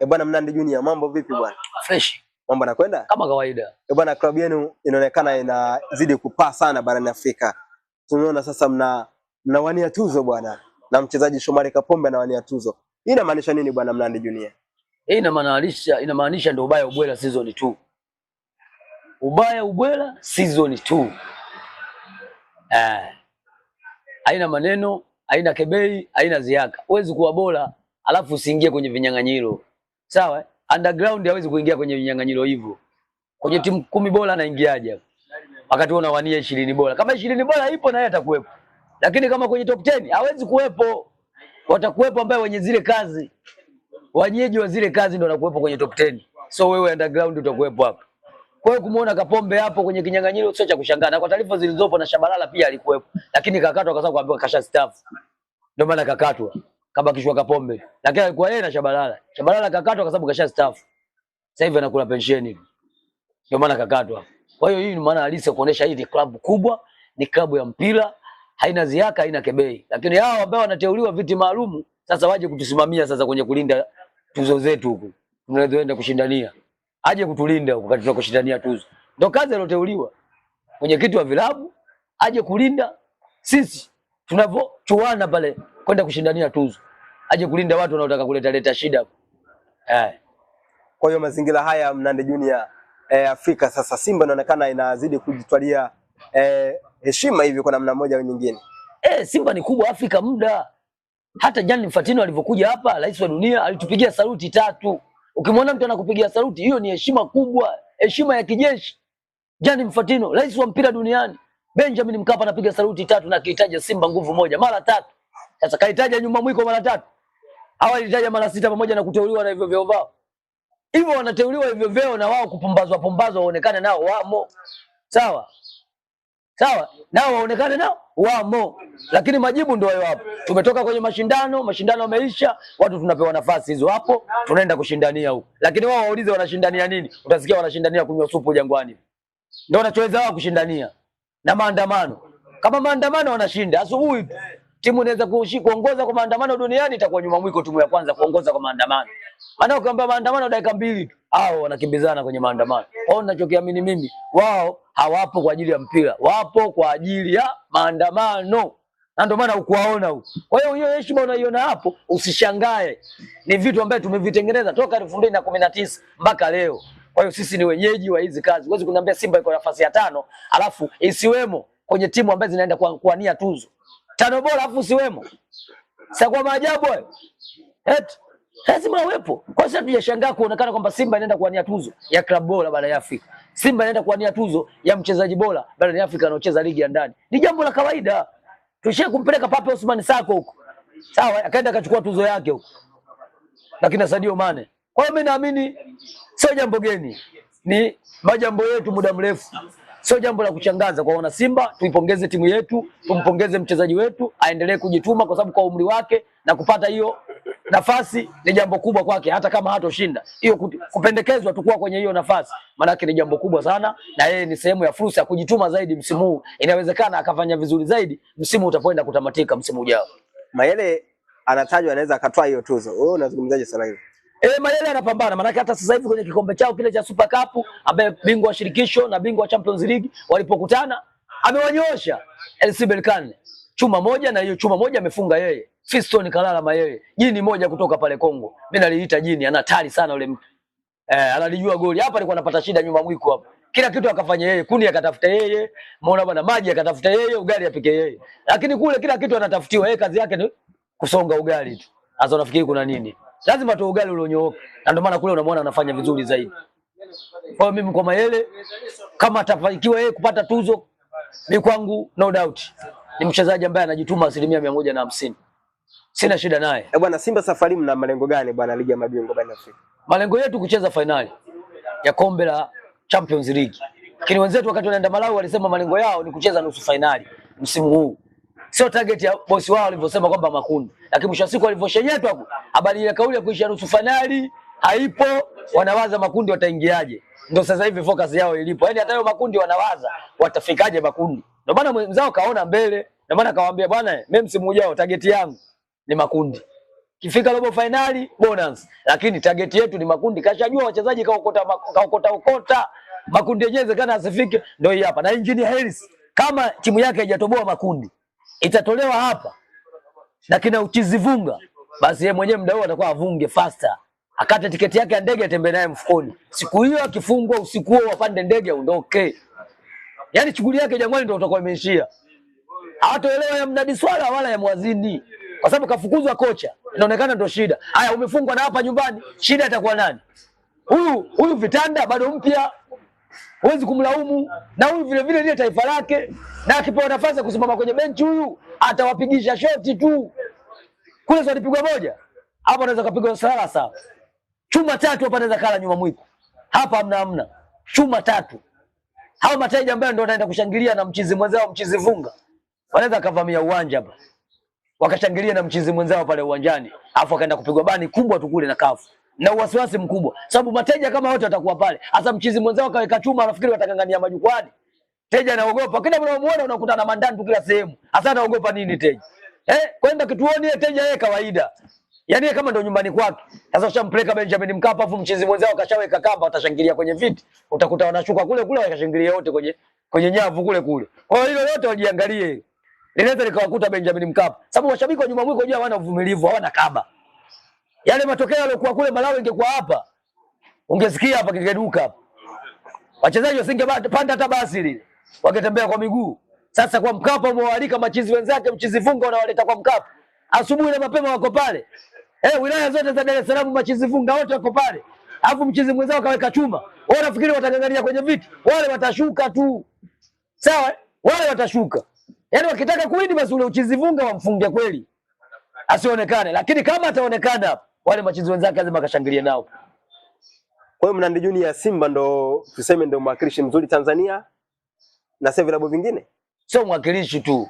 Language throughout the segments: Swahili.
Eh, bwana Mnandi Junior, mambo vipi bwana? Fresh. Mambo yanakwenda? Kama kawaida. Eh, bwana klabu yenu inaonekana inazidi kupaa sana barani Afrika. Tumeona sasa mna mnawania tuzo bwana na mchezaji Shomari Kapombe anawania tuzo. Hii inamaanisha nini bwana Mnandi Junior? Hii eh, inamaanisha inamaanisha ndio ubaya ubwela season 2. Ubaya ubwela season 2. Eh. Haina maneno, haina kebei, haina ziaka. Huwezi kuwa bora alafu usiingie kwenye vinyang'anyiro. Sawa? eh? Underground hawezi kuingia kwenye vinyang'anyiro hivyo. Kwenye timu kumi bora anaingiaje? Wakati wewe unawania 20 bora. Kama 20 bora ipo na yeye atakuwepo. Lakini kama kwenye top 10 hawezi kuwepo. Watakuwepo ambaye wenye zile kazi. Wanyeji wa zile kazi ndio wanakuwepo kwenye top 10. So wewe underground utakuwepo hapo. Kwa hiyo kumuona Kapombe hapo kwenye kinyang'anyiro sio cha kushangaa. Na kwa taarifa zilizopo na Shabalala pia alikuwepo. Lakini kakatwa kwa sababu kaambiwa kasha staff. Ndio maana kakatwa kabakishwa Kapombe, lakini alikuwa yeye na Shabalala. Shabalala kakatwa kwa sababu kasha sasa hivi anakula pensheni, ndio maana kakatwa. Kwa hiyo hii ni maana halisi kuonesha hii ni klabu kubwa, ni klabu ya mpira, haina ziaka, haina kebei. Lakini hao ambao wanateuliwa viti maalum sasa waje kutusimamia sasa kwenye kulinda tuzo zetu huko. Tunaweza kushindania, aje kutulinda huko katika tunakoshindania tuzo, ndio kazi aliyoteuliwa mwenyekiti wa vilabu, aje kulinda sisi tunavyochuana pale kwenda kushindania tuzo aje kulinda watu wanaotaka kuleta leta shida. Eh. Kwa hiyo mazingira haya Mnandi Junior eh, Afrika sasa Simba inaonekana inazidi kujitwalia eh, heshima eh, hivi kwa namna moja au nyingine. Eh, Simba ni kubwa Afrika muda. Hata Gianni Infantino alivyokuja hapa, rais wa dunia, alitupigia saluti tatu. Ukimwona mtu anakupigia saluti, hiyo ni heshima kubwa, heshima ya kijeshi. Gianni Infantino, rais wa mpira duniani. Benjamin Mkapa anapiga saluti tatu na akihitaja Simba nguvu moja mara tatu. Sasa kaitaja nyuma mwiko mara tatu hawalitaja mara sita pamoja na kuteuliwa na hivyo vyeo vao. Hivyo wanateuliwa hivyo vyeo na wao kupombazwa pombazwa, waonekane nao wamo sawa sawa, nao waonekane nao wamo, lakini majibu ndio hayo hapo. Tumetoka kwenye mashindano, mashindano yameisha, watu tunapewa nafasi hizo hapo, tunaenda kushindania huko, lakini wao waulize wanashindania nini? Utasikia wanashindania kunywa supu Jangwani, ndio wanachoweza wao kushindania na maandamano. Kama maandamano wanashinda asubuhi timu inaweza kuongoza kwa maandamano duniani, itakuwa nyuma mwiko timu ya kwanza kuongoza kwa maandamano. Maana ukiambia maandamano dakika mbili tu, hao wanakimbizana kwenye maandamano. Au ninachokiamini mimi, wao hawapo kwa ajili ya mpira, wapo kwa ajili ya maandamano, na ndio maana ukuwaona huko. Kwa hiyo hiyo heshima unaiona hapo, usishangae, ni vitu ambavyo tumevitengeneza toka 2019 mpaka leo. Kwa hiyo sisi ni wenyeji wa hizi kazi. Huwezi kuniambia Simba iko nafasi ya tano alafu isiwemo kwenye timu ambazo zinaenda kuwania tuzo tano bora afu siwemo. Sasa kwa maajabu hayo. Eti lazima awepo. Kwa sababu tunashangaa kuonekana kwamba Simba inaenda kuwania tuzo ya klabu bora barani Afrika. Simba inaenda kuwania tuzo ya mchezaji bora barani Afrika anaocheza ligi ya ndani. Ni jambo la kawaida. Tushie kumpeleka Pape Osman Sako huko. Sawa, akaenda akachukua tuzo yake huko. Lakini na Sadio Mane. Kwa hiyo mimi naamini sio jambo geni. Ni majambo yetu muda mrefu. Sio jambo la kuchangaza kwa wana Simba, tuipongeze timu yetu, tumpongeze mchezaji wetu, aendelee kujituma kwa sababu kwa umri wake na kupata hiyo nafasi ni jambo kubwa kwake, hata kama hatoshinda hiyo, kupendekezwa tu kuwa kwenye hiyo nafasi, maanake ni jambo kubwa sana, na yeye ni sehemu ya fursa ya kujituma zaidi msimu huu. Inawezekana akafanya vizuri zaidi msimu utapoenda kutamatika msimu ujao. Mayele anatajwa anaweza akatoa hiyo tuzo. Wewe unazungumzaje sana hiyo? E, eh, Mayele anapambana maanake hata sasa hivi kwenye kikombe chao kile cha Super Cup ambaye bingwa wa shirikisho na bingwa wa Champions League walipokutana amewanyosha LC Berkane chuma moja, na hiyo chuma moja amefunga yeye Fiston Kalala Mayele, jini moja kutoka pale Kongo. Mimi naliita jini, ana hatari sana yule mtu eh, analijua goli hapa. Alikuwa anapata shida nyuma mwiko hapo. kila kitu akafanya yeye, kuni akatafuta yeye, umeona bwana, maji akatafuta yeye, ugali apike yeye, lakini kule kila kitu anatafutiwa yeye, kazi yake ni kusonga ugali tu. Sasa unafikiri kuna nini? lazima tu ugali ulionyooka, na ndio maana kule unamwona anafanya vizuri zaidi. Kwa hiyo mimi kwa Mayele, kama atafanikiwa yeye kupata tuzo, ni kwangu no doubt ni mchezaji ambaye anajituma asilimia mia moja na hamsini. Sina shida naye. Eh, bwana Simba safari mna malengo gani bwana ligi ya mabingwa bwana Afrika? Malengo yetu kucheza fainali ya kombe la Champions League. Lakini wenzetu wakati wanaenda Malawi walisema malengo yao ni kucheza nusu fainali msimu huu. Sio target ya bosi wao alivyosema kwamba makundi. Lakini mwisho wa siku walivyoshenyetwa habari ya kauli ya kuisha nusu fainali haipo, wanawaza makundi wataingiaje. Ndio sasa hivi focus yao ilipo, Yani hata hayo makundi wanawaza watafikaje makundi. Ndio maana mwenzao kaona mbele, ndio maana kawaambia bwana, mimi msimu ujao target yangu ni makundi, kifika robo fainali bonus, lakini target yetu ni makundi. Kashajua wachezaji kaokota kaokota ukota makundi yenyewe zekana asifike, ndio hii hapa. Na Engineer Harris kama timu yake haijatoboa makundi itatolewa hapa na kina Uchizivunga basi yeye mwenyewe mdau atakuwa avunge faster, akate tiketi yake ya ndege, atembee naye mfukoni. Siku hiyo akifungwa usiku huo, wapande ndege aondoke. Okay. Yaani shughuli yake Jangwani ndio utakuwa imeishia. Hawataelewa ya mnadi swala wala ya mwazini, kwa sababu kafukuzwa kocha, inaonekana ndio shida. Haya, umefungwa na hapa nyumbani, shida itakuwa nani? Huyu huyu vitanda bado mpya, huwezi kumlaumu na huyu vile vile ile taifa lake, na akipewa nafasi ya kusimama kwenye benchi huyu atawapigisha shoti tu. Kule sio alipigwa moja. hapo, anaweza kapigwa sala sawa. Chuma tatu hapo, anaweza kala nyuma mwiko. Hapa hamna hamna. Chuma tatu. Hao mataji ambayo ndio wanaenda kushangilia na mchizi mwenzao mchizi vunga. Wanaweza kavamia uwanja hapa. Wakashangilia na mchizi mwenzao pale uwanjani. Alafu akaenda kupigwa bani kubwa tu kule na kafu. Na uwasiwasi mkubwa. Sababu mateja kama wote watakuwa pale. Hasa mchizi mwenzao kaweka chuma anafikiri watakangania majukwani. Teja anaogopa. Kila unamuona unakutana na mandani tu kila sehemu. Hasa anaogopa nini teja? eh, kwenda kituoni yeye teja yeye kawaida. Yaani kama ndio nyumbani kwake. Sasa ushampeleka Benjamin Mkapa afu mchezi mwenzao kashaweka kamba watashangilia kwenye viti. Utakuta wanashuka kule kule wakashangilia wote kwenye kwenye nyavu kule kule. Kwa hiyo hilo wajiangalie. Linaweza likawakuta Benjamin Mkapa. Sababu mashabiki wa nyuma mwiko jua hawana uvumilivu, hawana kaba. Yale matokeo yaliokuwa kule Malawi ingekuwa hapa. Ungesikia hapa kigeduka hapa. Wachezaji wasingepanda hata basi lile. Wakitembea kwa miguu. Sasa kwa Mkapa umewaalika machizi wenzake, mchizi funga unawaleta kwa Mkapa asubuhi na mapema, wako pale eh, wilaya zote za Dar es Salaam machizi funga wote wako pale, alafu mchizi mwenzao kaweka chuma. Wao nafikiri watangangania kwenye viti, wale watashuka tu, sawa, wale watashuka. Yaani wakitaka kuwini, basi ule uchizi funga wamfunge kweli asionekane, lakini kama ataonekana, wale machizi wenzake lazima akashangilie nao. Kwa hiyo Mnandi Junior Simba ndo tuseme ndo mwakilishi mzuri Tanzania na sasa vilabu vingine sio mwakilishi tu,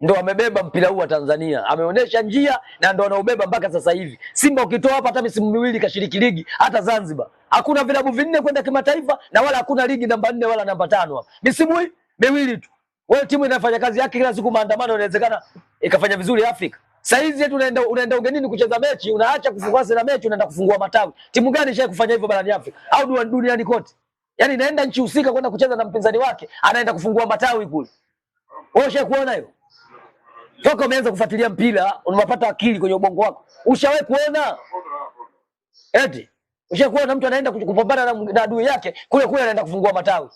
ndo amebeba mpira huu wa Tanzania, ameonyesha njia na ndo anaubeba mpaka sasa hivi. Simba ukitoa hapa hata misimu miwili kashiriki ligi hata Zanzibar, hakuna vilabu vinne kwenda kimataifa na wala hakuna ligi namba nne wala namba tano hapa, misimu miwili tu. Wewe timu inafanya kazi yake kila siku, maandamano, inawezekana ikafanya vizuri Afrika. Saizi yetu unaenda unaenda ugenini kucheza mechi, unaacha kufungua na mechi, unaenda kufungua matawi. Timu gani ishaye kufanya hivyo barani Afrika au duniani kote? Yaani inaenda nchi husika kwenda kucheza na mpinzani wake, anaenda kufungua matawi kule. Wewe kuona hiyo? Toka umeanza kufuatilia mpira, unapata akili kwenye ubongo wako. Ushawahi kuona? Eti, ushawahi kuona mtu anaenda kupambana na, adui yake, kule kule anaenda kufungua matawi. Wewe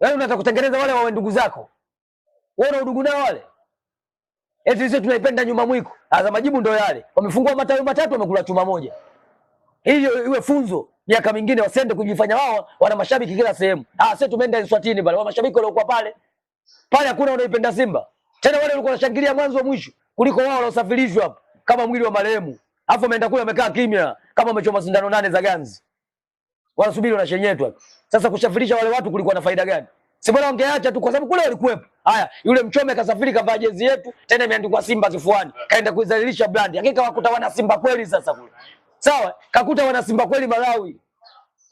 yaani unataka kutengeneza wale wa ndugu zako. Wewe una udugu nao wale? Eti sisi tunaipenda nyuma mwiko. Sasa ah, majibu ndio yale. Wamefungua matawi matatu wamekula chuma moja. Hiyo iwe funzo miaka mingine wasende kujifanya wao wana mashabiki kila sehemu. Ah, sisi tumeenda Eswatini pale, wa mashabiki waliokuwa pale pale hakuna unaipenda Simba. Tena wale walikuwa wanashangilia mwanzo wa mwisho kuliko wao wanaosafirishwa hapo kama mwili wa marehemu. Alafu ameenda kule amekaa kimya kama amechoma sindano nane za ganzi. Wanasubiri wanashenyetwa. Sasa kushafirisha wale watu kulikuwa na faida gani? Si bora wangeacha tu kwa sababu kule walikuwepo. Haya, yule mchome kasafiri kavaa jezi yetu tena imeandikwa Simba kifuani. Kaenda kuizalilisha brandi. Hakika wakuta wana Simba kweli sasa kule. Sawa, kakuta wana Simba kweli Malawi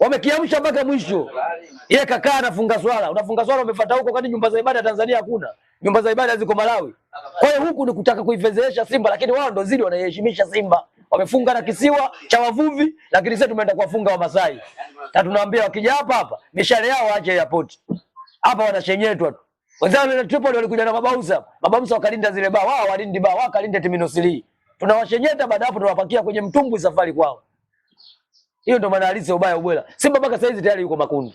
wamekiamsha mpaka mwisho. Yeye kakaa anafunga swala, unafunga swala umefuata huko, kwani nyumba za ibada Tanzania hakuna? Nyumba za ibada ziko Malawi. Kwa hiyo huku ni kutaka kuifezeesha Simba, lakini wao ndio zili wanaiheshimisha Simba. Wamefunga na kisiwa cha wavuvi, lakini sisi tumeenda kuwafunga wa Masai. na tunawaambia wakija hapa hapa mishale yao waache airport hapa, wanashenyetwa tu. Wenzao wale Tripoli walikuja na mabausa, mabausa wakalinda zile baa, wao walindi baa, wakalinde terminal 3 tunawashenyeta. Baada hapo tunawapakia kwenye mtumbwi, safari kwao. Hiyo ndo maana halisi ubaya ubwela. Simba mpaka saizi tayari yuko makundi.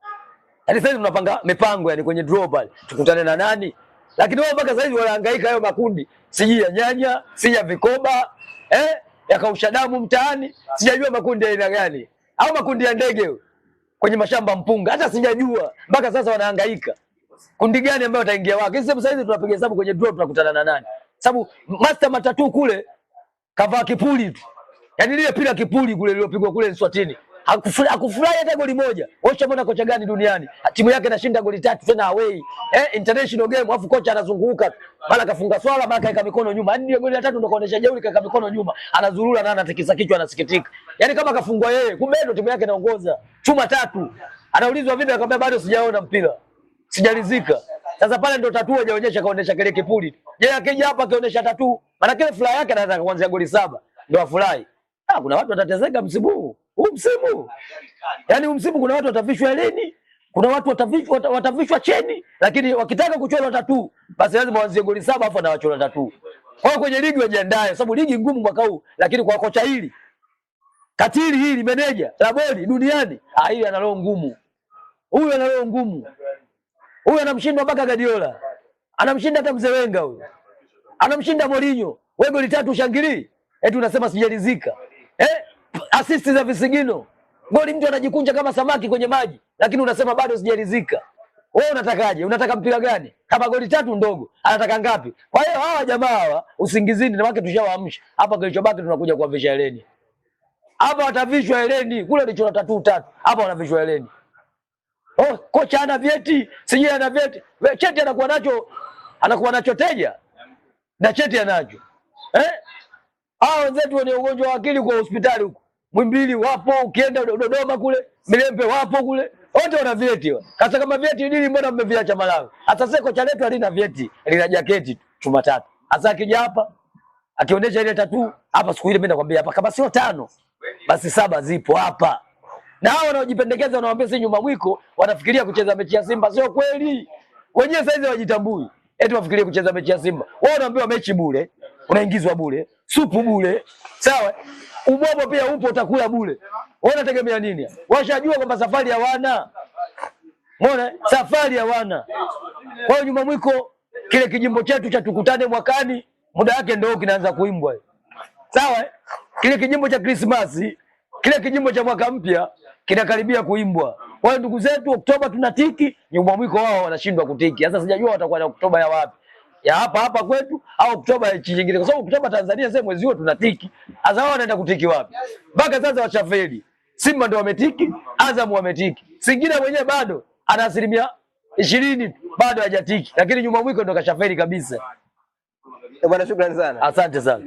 Hadi yaani saizi tunapanga mipango yani kwenye draw pale. Tukutane na nani? Lakini wao mpaka saizi wanahangaika hayo makundi. Sijui ya nyanya, siji ya vikoba, eh? Yakausha damu mtaani, sijajua makundi ya aina gani. Au makundi ya ndege kwenye mashamba mpunga, hata sijajua. Mpaka sasa wanahangaika. Kundi gani ambayo wataingia wake? Sisi saizi tunapiga hesabu kwenye draw tunakutana na nani? Sababu master matatu kule kavaa kipuli tu. Yaani lile pila kipuli kule lilopigwa kule Nswatini. Hakufurahi hata goli moja. Wacha mbona kocha gani duniani? Timu yake inashinda goli tatu tena away. Eh, international game afu kocha anazunguka. Mara kafunga swala, mara kaeka mikono nyuma. Hadi yaani ile goli la tatu ndo kaonesha jeuri kaeka mikono nyuma. Anazurura na anatikisa kichwa anasikitika. Yaani kama kafungwa yeye, kumbe ndo timu yake inaongoza. Chuma tatu. Anaulizwa vipi akamwambia bado sijaona mpira. Sijalizika. Sasa pale ndo tatu hajaonyesha kaonesha kile kipuli. Je, akija hapa kaonesha tatu. Maana kile furaha yake anaanza kuanzia goli saba. Ndio afurahi. Ah, kuna watu watatezeka msimu huu. Huu msimu. Yaani huu msimu kuna watu watavishwa elini, kuna watu watavishwa watavishwa cheni, lakini wakitaka kuchora tatu, basi lazima waanzie goli saba afu anawachora tatu. Kwa hiyo kwenye ligi wajiandae, sababu ligi ngumu mwaka huu, lakini kwa kocha hili katili hili meneja la goli duniani, ah, hili ana roho ngumu. Huyu ana roho ngumu. Huyu anamshinda mpaka Guardiola. Anamshinda hata mzee Wenga huyu. Anamshinda Mourinho. Wewe goli tatu ushangilii? Eti unasema sijalizika asisti za visigino, goli mtu anajikunja kama samaki kwenye maji, lakini unasema bado sijarizika. Wewe unatakaje? Unataka mpira gani? Kama goli tatu ndogo, anataka ngapi? Kwa hiyo hawa jamaa hawa usingizini na wake tushawaamsha. Hapa kilichobaki tunakuja kuwavisha eleni. Hapa watavishwa eleni, kule alichora tatu tatu. Hapa wanavishwa eleni. Oh, kocha ana vyeti, sijui ana vyeti. Cheti anakuwa nacho anakuwa nacho teja. Na cheti anacho. Eh? Hao wenzetu wenye ugonjwa wa akili kwa hospitali huko. Mwimbili wapo, ukienda Dodoma kule, Milembe wapo kule. Wote wana vyeti. Sasa kama vyeti nini mbona mmeviacha Malawi? Hata seko cha letu alina vyeti, lina jaketi chuma tatu. Sasa akija hapa akionyesha ile tatu hapa siku ile mimi nakwambia hapa kama sio tano basi saba zipo hapa. Na hao wanaojipendekeza wanawaambia si nyuma mwiko, wanafikiria kucheza mechi ya Simba sio kweli. Wenyewe saizi hawajitambui. Eti wafikirie kucheza mechi ya Simba. Wao wanaambiwa mechi bure unaingizwa bure, supu bure, sawa. Ubobo pia upo, utakula bure. Unategemea nini? Washajua kwamba safari ya wana umeona, safari ya wana. Kwa hiyo nyuma mwiko kile kijimbo chetu cha tukutane mwakani, muda wake ndio kinaanza kuimbwa, sawa. Kile kijimbo cha Krismasi, kile kijimbo cha mwaka mpya kinakaribia kuimbwa. Kwa hiyo ndugu zetu, Oktoba tunatiki, nyuma mwiko wao wanashindwa kutiki. Sasa sijajua watakuwa na Oktoba ya wapi ya hapa hapa kwetu au Oktoba nchi nyingine, kwa sababu Oktoba Tanzania sasa mwezi huo tunatiki. Sasa wanaenda kutiki wapi? Mpaka sasa wachafeli. Simba ndio wametiki, Azam wametiki, Singida mwenyewe bado ana asilimia ishirini bado hajatiki, lakini nyuma mwiko ndo kashafeli kabisa. Eh, bwana, shukrani sana, asante sana.